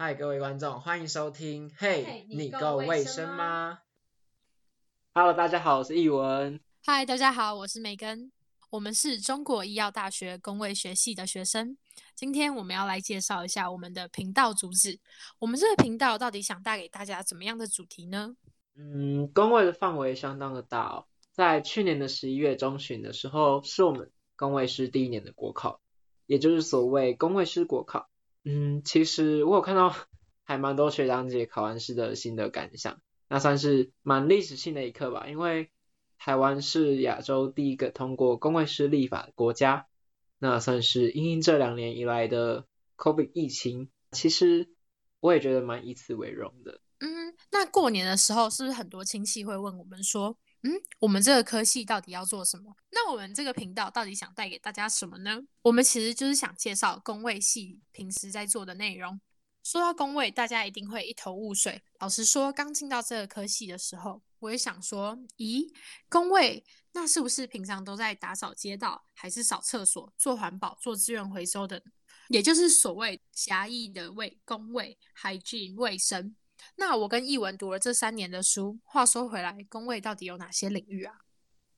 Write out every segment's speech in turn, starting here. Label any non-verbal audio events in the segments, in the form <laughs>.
嗨，各位觀眾，歡迎收聽。Hey，你夠衛生嗎？你夠衛生啊？Hello，大家好，我是鐿文。嗨，大家好，我是梅根。我們是中國醫藥大學公衛學系的學生。今天我們要來介紹一下我們的頻道主旨。我們這個頻道到底想帶給大家怎麼樣的主題呢？嗯，公衛的範圍相當的大哦。在去年的十一月中旬的時候，是我們公衛師第一年的國考，也就是所謂公衛師國考。嗯，其實我有看到還蠻多學長姐考完試的新的感想，那算是蠻歷史性的一刻吧。因為台灣是亞洲第一個通過公衛師立法的國家，那算是因應這兩年以來的 COVID 疫情，其實我也覺得蠻以此為榮的。嗯，那過年的時候是不是很多親戚會問我們說？嗯，我們這個科系到底要做什麼？那我們這個頻道到底想帶給大家什麼呢？我們其實就是想介紹公衛系平時在做的內容。說到公衛，大家一定會一頭霧水。老實說，剛進到這個科系的時候，我也想說，咦，公衛？那是不是平常都在打掃街道，還是掃廁所、做環保、做資源回收的？也就是所謂狹義的衛、公衛 hygiene、衛生。那我跟鐿文讀了這三年的書。話說回來，公衛到底有哪些領域啊？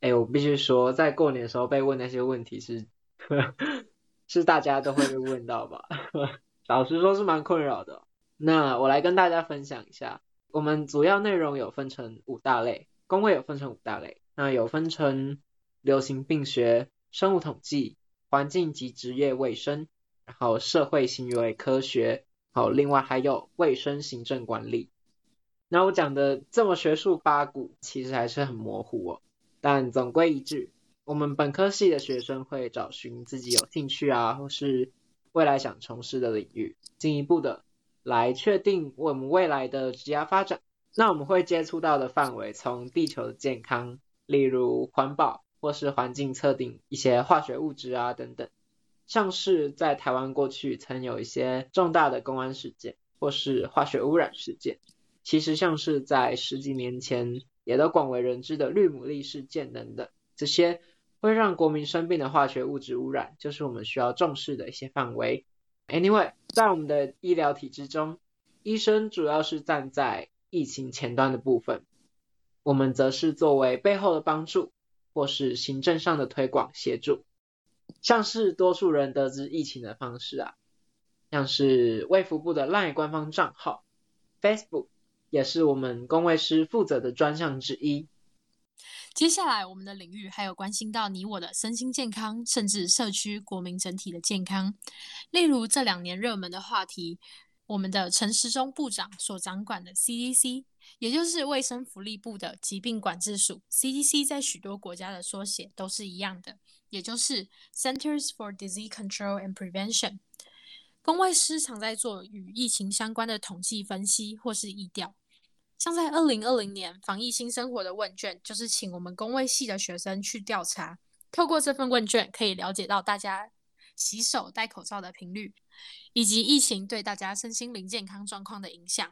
哎、欸，我必須說，在過年的時候被問那些問題是， <laughs> 是大家都會被問到吧？ <laughs> 老實說是蠻困擾的。那我來跟大家分享一下，我們主要內容有分成五大類，公衛有分成五大類，那有分成流行病學、生物統計、環境及職業衛生，然後社會行為科學。好，另外還有衛生行政管理。那我講的這麼學術八股，其實還是很模糊哦。但總歸一句，我們本科系的學生會找尋自己有興趣啊，或是未來想從事的領域，進一步的來確定我們未來的職業發展。那我們會接觸到的範圍，從地球的健康，例如環保或是環境測定一些化學物質啊等等。像是在台灣過去曾有一些重大的公安事件或是化學污染事件，其實像是在十幾年前也都廣為人知的綠牡蠣是健能的。這些會讓國民生病的化學物質污染，就是我們需要重視的一些範圍。Anyway，在我們的醫療體制中，醫生主要是站在疫情前端的部分，我們則是作為背後的幫助或是行政上的推廣協助。像是多數人得知疫情的方式啊，像是衛福部的 LINE 官方賬號，Facebook 也是我們公衛師負責的專項之一。接下來，我們的領域還有關心到你我的身心健康，甚至社區國民整體的健康。例如這兩年熱門的話題，我們的陳時中部長所掌管的 CDC，也就是衛生福利部的疾病管制署。CDC 在許多國家的縮寫都是一樣的。也就是 Centers for Disease Control and Prevention，公衛師常在做與疫情相關的統計分析或是疫調。像在二零二零年防疫新生活的問卷，就是請我們公衛系的學生去調查。透過這份問卷，可以了解到大家洗手、戴口罩的頻率，以及疫情對大家身心靈健康狀況的影響。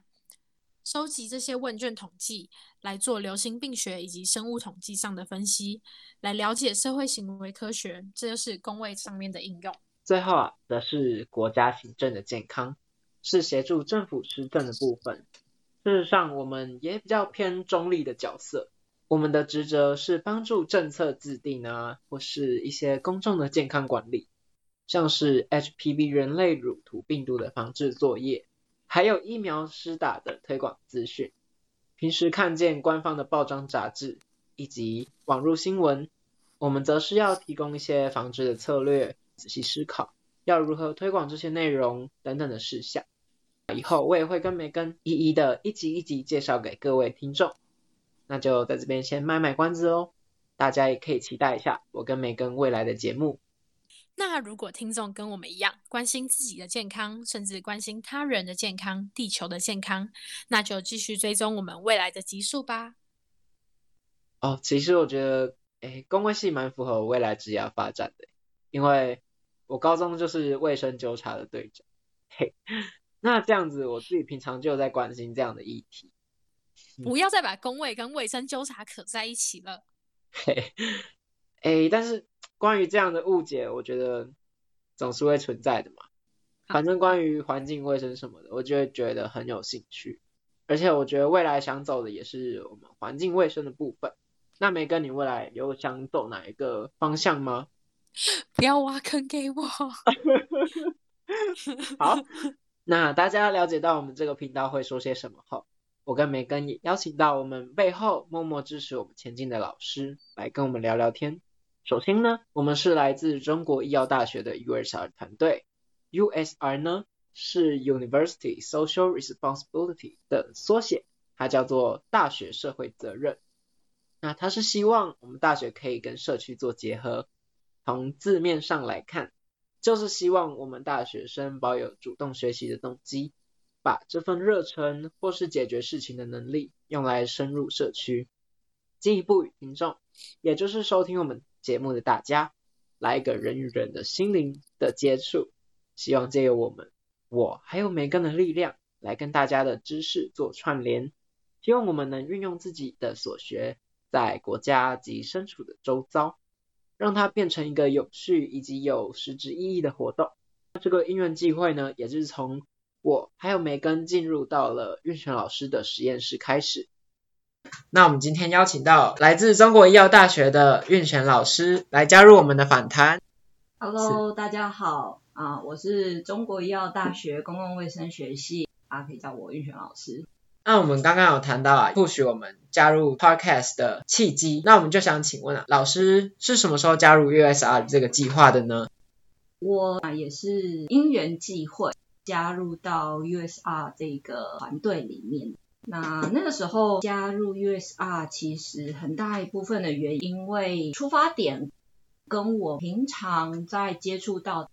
收集這些問卷統計，來做流行病學以及生物統計上的分析，來了解社會行為科學，這就是公衛上面的應用。最後啊，則是國家行政的健康，是協助政府施政的部分。事實上，我們也比較偏中立的角色，我們的職責是幫助政策制定啊，或是一些公眾的健康管理，像是 HPV 人類乳突病毒的防治作業。還有疫苗施打的推廣資訊，平時看見官方的報章雜誌以及網絡新聞，我們則是要提供一些防治的策略，仔細思考要如何推廣這些內容等等的事項。以後我也會跟梅根一一的一集一集介紹給各位聽眾，那就在這邊先賣賣關子嘍、哦，大家也可以期待一下我跟梅根未來的節目。那如果聽眾跟我們一樣關心自己的健康，甚至關心他人的健康、地球的健康，那就繼續追蹤我們未來的集數吧。哦，其實我覺得，哎，公衛系蠻符合我未來職業發展的，因為我高中就是衛生糾察的隊長。嘿，那這樣子，我自己平常就在關心這樣的議題。嗯、不要再把公衛跟衛生糾察扯在一起了。嘿，哎，但是。關於這樣的誤解，我覺得總是會存在的嘛。反正關於環境衛生什麼的，我就會覺得很有興趣。而且我覺得未來想走的也是我們環境衛生的部分。那梅根，你未來又想走哪一個方向嗎？不要挖坑給我。 <laughs> 好，那大家了解到我們這個頻道會說些什麼後，我跟梅根也邀請到我們背後默默支持我們前進的老師來跟我們聊聊天。首先呢，我們是來自中國醫藥大學的 USR 團隊。USR 呢是 University Social Responsibility 的縮寫，它叫做大學社會責任。那它是希望我們大學可以跟社區做結合。從字面上來看，就是希望我們大學生保有主動學習的動機，把這份熱忱或是解決事情的能力用來深入社區，進一步與聽眾，也就是收聽我們。節目的大家，來一個人與人的心靈的接觸，希望借由我們、我還有梅根的力量，來跟大家的知識做串聯，希望我們能運用自己的所學，在國家及身處的周遭，讓它變成一個有序以及有實質意義的活動。那這個因緣際會呢，也就是從我還有梅根進入到了韻璇老師的實驗室開始。那我們今天邀請到來自中國醫藥大學的韻璇老師來加入我們的訪談。Hello，大家好啊，我是中國醫藥大學公共衛生學系，啊可以叫我韻璇老師。那我們剛剛有談到啊，或許我們加入 Podcast 的契機，那我們就想請問啊，老師是什麼時候加入 USR 這個計劃的呢？我也是因緣際會加入到 USR 這個團隊裡面。那那個時候加入 USR 其實很大一部分的原因，因為出發點跟我平常在接觸到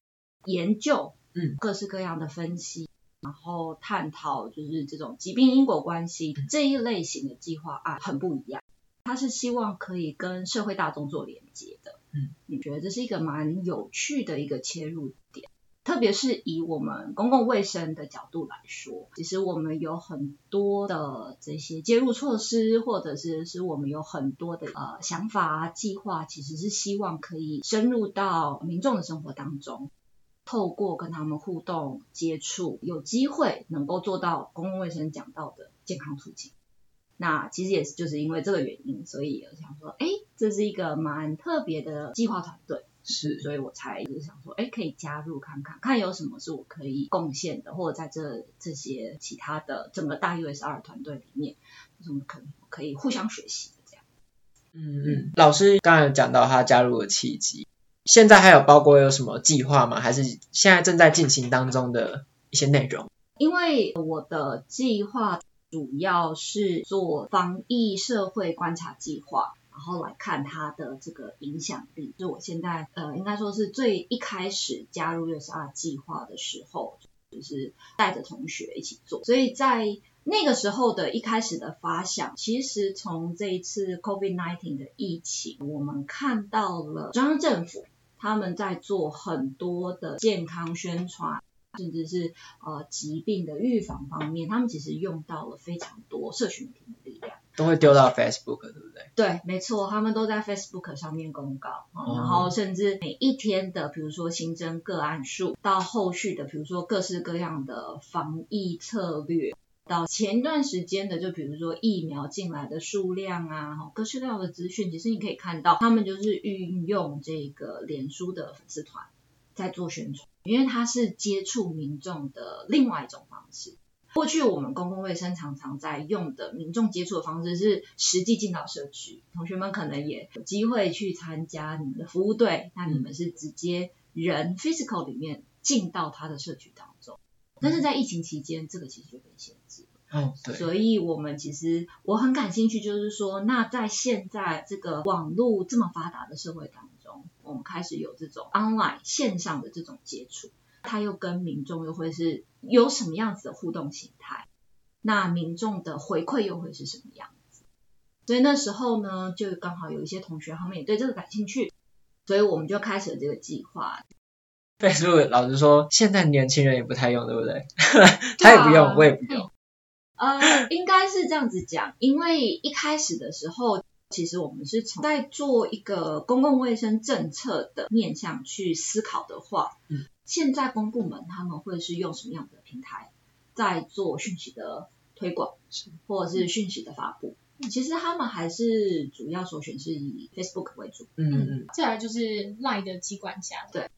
研究，嗯，各式各樣的分析，然後探討就是這種疾病因果關係，嗯，這一類型的計劃案很不一樣，它是希望可以跟社會大眾做連接的，嗯，你覺得這是一個蠻有趣的一個切入點。特別是以我們公共衛生的角度來說，其實我們有很多的這些介入措施，或者是是我們有很多的呃想法啊、計劃，其實是希望可以深入到民眾的生活當中，透過跟他們互動接觸，有機會能夠做到公共衛生講到的健康促進。那其實也是就是因為這個原因，所以我想說，哎、欸，這是一個蠻特別的計劃團隊。是，所以我才一直想說，哎、欸，可以加入看看，看有什麼是我可以貢獻的，或者在這這些其他的整個大 USR 團隊裡面，有什麼可以可以互相學習的這樣。嗯嗯，老師剛才講到他加入的契機，現在還有包括有什麼計劃嗎？還是現在正在進行當中的一些內容？因為我的計劃主要是做防疫社會觀察計劃。然後來看他的這個影響力。就我現在，呃，應該說是最一開始加入 u 十二計劃的時候，就是帶着同學一起做。所以在那個時候的一開始的發想，其實從這一次 COVID-19 的疫情，我們看到了中央政府他們在做很多的健康宣傳，甚至是呃疾病的預防方面，他們其實用到了非常多社群體的力量，都會丟到 Facebook。對，沒錯，他們都在 Facebook 上面公告，然後甚至每一天的，比如說新增個案數，到後續的，比如說各式各樣的防疫策略，到前段時間的，就比如說疫苗進來的數量啊，各式各樣的資訊，其實你可以看到，他們就是運用這個臉書的粉絲團在做宣傳，因為它是接觸民眾的另外一種方式。過去我們公共衛生常常在用的民眾接觸的方式是實際進到社區，同學們可能也有機會去參加你們的服務隊，那你們是直接人 physical 裡面進到他的社區當中。但是在疫情期間，這個其實就被限制了。嗯，所以我們其實我很感興趣，就是說，那在現在這個網絡這麼發達的社會當中，我們開始有這種 online 線上的這種接觸。他又跟民眾又會是有什麼樣子的互動形態？那民眾的回饋又會是什麼樣子？所以那時候呢，就剛好有一些同學他們也對這個感興趣，所以我們就開始了這個計劃。對，所以老實說，現在年輕人也不太用，對不對？對啊、 <laughs> 他也不用、啊，我也不用。呃、嗯，應該是這樣子講，因為一開始的時候，其實我們是從在做一個公共衛生政策的面向去思考的話。嗯。現在公部門他們會是用什麼樣的平台在做訊息的推廣，或者是訊息的發布？其實他們還是主要首選是以 Facebook 為主，嗯嗯，再來就是 Line 的機關箱。對，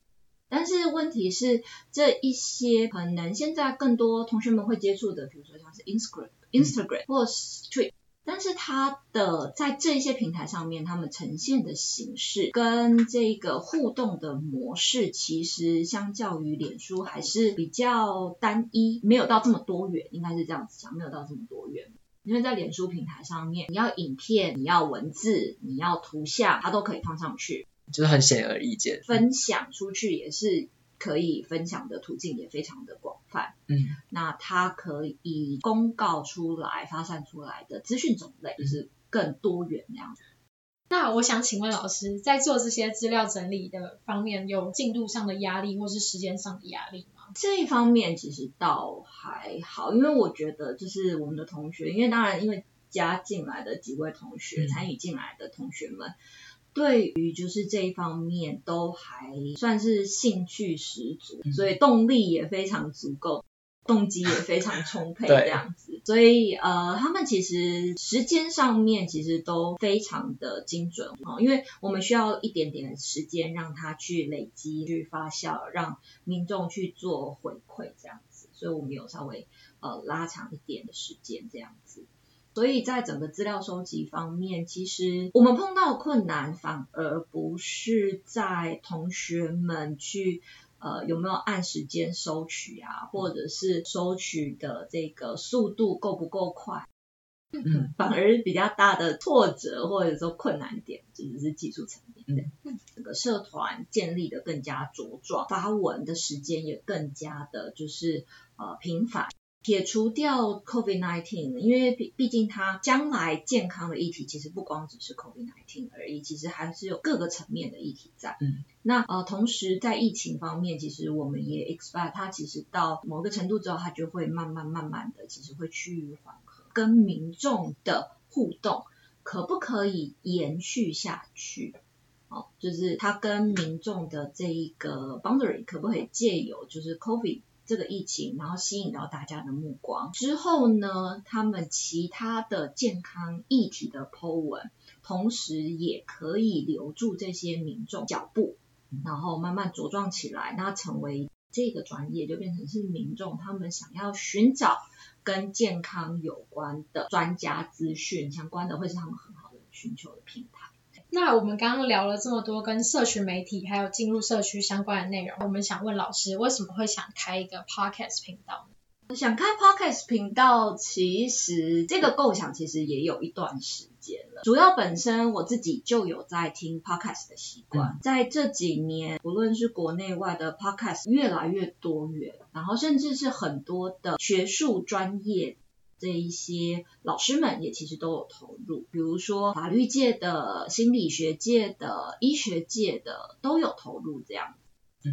但是問題是，這一些可能現在更多同學們會接觸的，比如說像是 Instagram、嗯、Instagram 或是 Street 但是它的在這些平台上面，他們呈現的形式跟這個互動的模式，其實相較於臉書還是比較單一，沒有到這麼多元，應該是這樣子講，沒有到這麼多元。因為在臉書平台上面，你要影片，你要文字，你要圖像，它都可以放上去，就是很顯而易見。嗯，分享出去也是。可以分享的途徑也非常的廣泛，嗯，那它可以公告出來、發散出來的資訊種類就是更多元這樣、嗯。那我想請問老師，在做這些資料整理的方面，有進度上的壓力或是時間上的壓力嗎？這一方面其實倒還好，因為我覺得就是我們的同學，因為當然因為加進來的幾位同學、參與進來的同學們。對於就是這一方面都還算是興趣十足，所以動力也非常足夠，動機也非常充沛這樣子。 <laughs> 所以呃，他們其實時間上面其實都非常的精準，哦，因為我們需要一點點的時間讓他去累積、去發酵，讓民眾去做回饋這樣子，所以我們有稍微呃拉長一點的時間這樣子。所以在整個資料收集方面，其實我們碰到的困難，反而不是在同學們去呃有沒有按時間收取啊，或者是收取的這個速度夠不夠快，嗯，反而比較大的挫折或者說困難點就是技術層面的。嗯。整個社團建立的更加茁壯，發文的時間也更加的就是呃頻繁。撇除掉 COVID-19，因為畢畢竟它將來健康的議題其實不光只是 COVID-19 而已，其實還是有各個層面的議題在。嗯。那呃，同時在疫情方面，其實我們也 expect 它其實到某個程度之後，它就會慢慢慢慢的，其實會趨於緩和。跟民眾的互動可不可以延續下去？哦，就是它跟民眾的這一個 boundary 可不可以借由就是 COVID。這個疫情，然後吸引到大家的目光之後呢，他們其他的健康議題的 Po 文，同時也可以留住這些民眾腳步，然後慢慢茁壯起來，那成為這個專業就變成是民眾他們想要尋找跟健康有關的專家資訊相關的，會是他們很好的尋求的平台。那我們剛剛聊了這麼多跟社群媒體還有進入社區相關的內容，我們想問老師，為什麼會想開一個 podcast 頻道呢？想開 podcast 頻道，其實這個構想其實也有一段時間了。主要本身我自己就有在聽 podcast 的習慣，在這幾年，不論是國內外的 podcast 越來越多元，然後甚至是很多的學術專業。這一些老師們也其實都有投入，比如說法律界的、心理學界的、醫學界的都有投入，這樣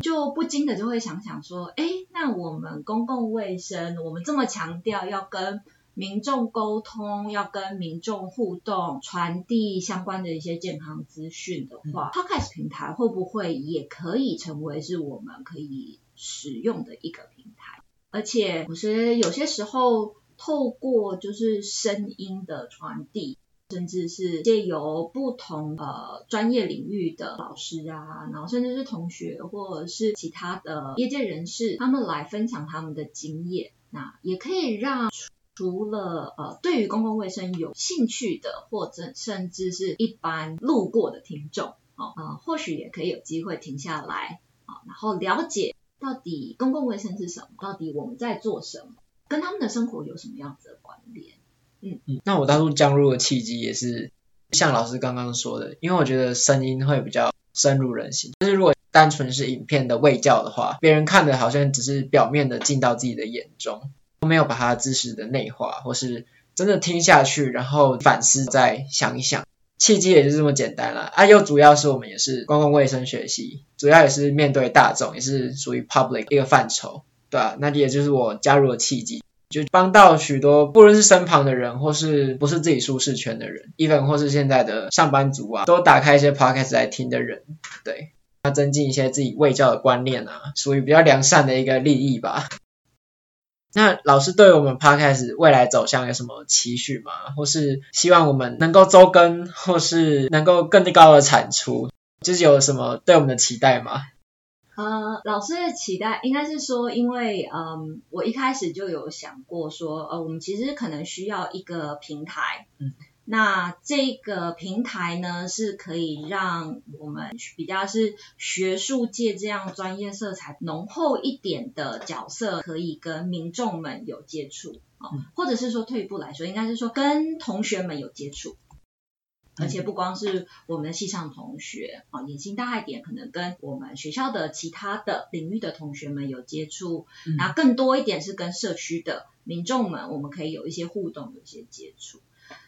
就不禁的就會想想說，哎、欸，那我們公共衛生，我們這麼強調要跟民眾溝通、要跟民眾互動、傳遞相關的一些健康資訊的話、嗯、，Podcast 平台會不會也可以成為是我們可以使用的一個平台？而且，我覺得有些時候。透過就是聲音的傳遞，甚至是借由不同呃專業領域的老師啊，然後甚至是同學或者是其他的業界人士，他們來分享他們的經驗，那也可以讓除了呃對於公共衛生有興趣的，或者甚至是一般路過的聽眾，哦，呃、或許也可以有機會停下來，啊、哦，然後了解到底公共衛生是什麼，到底我們在做什麼。跟他們的生活有什麼樣子的關聯？嗯嗯，那我當初加入的契機也是像老師剛剛說的，因為我覺得聲音會比較深入人心。但、就是如果單純是影片的衛教的話，別人看的好像只是表面的進到自己的眼中，都沒有把他知識的內化，或是真的聽下去，然後反思再想一想。契機也就是這麼簡單了啊！啊又主要是我們也是公共衛生學系，主要也是面對大眾，也是屬於 public 一個範疇。對啊，那也就是我加入的契機，就幫到許多不論是身旁的人，或是不是自己舒適圈的人，even 或是現在的上班族啊，都打開一些 podcast 來聽的人，對，要增進一些自己衛教的觀念啊，屬於比較良善的一個利益吧。 <laughs> 那老師對我們 podcast 未來走向有什麼期許嗎？或是希望我們能夠周更，或是能夠更高的產出，就是有什麼對我們的期待嗎？呃，老師的期待應該是說，因為嗯，我一開始就有想過說，呃，我們其實可能需要一個平台，嗯，那這個平台呢，是可以讓我們比較是學術界這樣專業色彩濃厚一點的角色，可以跟民眾們有接觸，啊，嗯，或者是說退一步來說，應該是說跟同學們有接觸。而且不光是我們系上同學，嗯、啊，野心大一點，可能跟我們學校的其他的領域的同學們有接觸，那、嗯啊、更多一點是跟社區的民眾們，我們可以有一些互動，有一些接觸。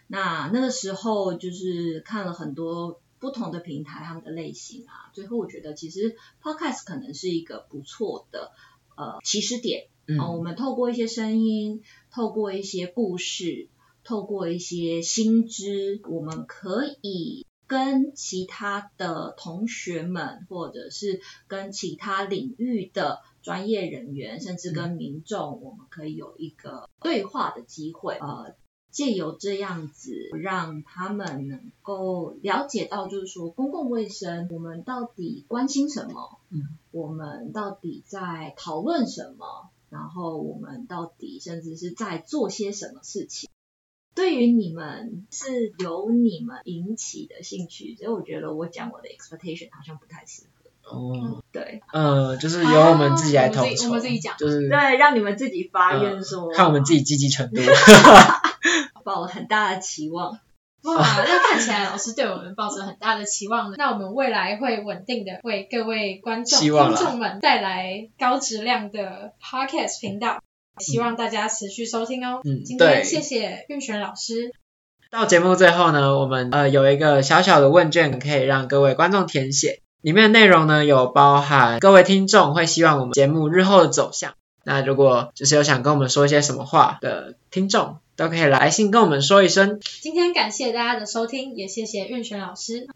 那那個時候就是看了很多不同的平台，他們的類型啊，最後我覺得其實 podcast 可能是一個不錯的呃起始點嗯、啊，我們透過一些聲音，透過一些故事。透過一些新知，我們可以跟其他的同學們，或者是跟其他領域的專業人員，甚至跟民眾，嗯、我們可以有一個對話的機會。呃，借由這樣子，讓他們能夠了解到，就是說公共衛生，我們到底關心什麼？嗯，我們到底在討論什麼？然後我們到底，甚至是在做些什麼事情。對於你們是由你們引起的興趣，所以我覺得我講我的 expectation 好像不太適合。哦、oh，對，呃就是由我們自己來投、啊我們自己，我們自己講，就是對，讓你們自己發言說，呃、看我們自己積極程度。 <laughs> <laughs> 抱了很大的期望，哇， <laughs> 那看起來老師對我們抱着很大的期望了。 <laughs> 那我們未來會穩定的為各位觀眾聽眾們帶來高質量的 Podcast 頻道。希望大家持續收聽哦。嗯，對，今天謝謝韻璇老師。到節目最後呢，我們呃有一個小小的問卷，可以讓各位觀眾填寫。裡面的內容呢，有包含各位聽眾會希望我們節目日後的走向。那如果就是有想跟我們說一些什麼話的聽眾，都可以來信跟我們說一聲。今天感謝大家的收聽，也謝謝韻璇老師。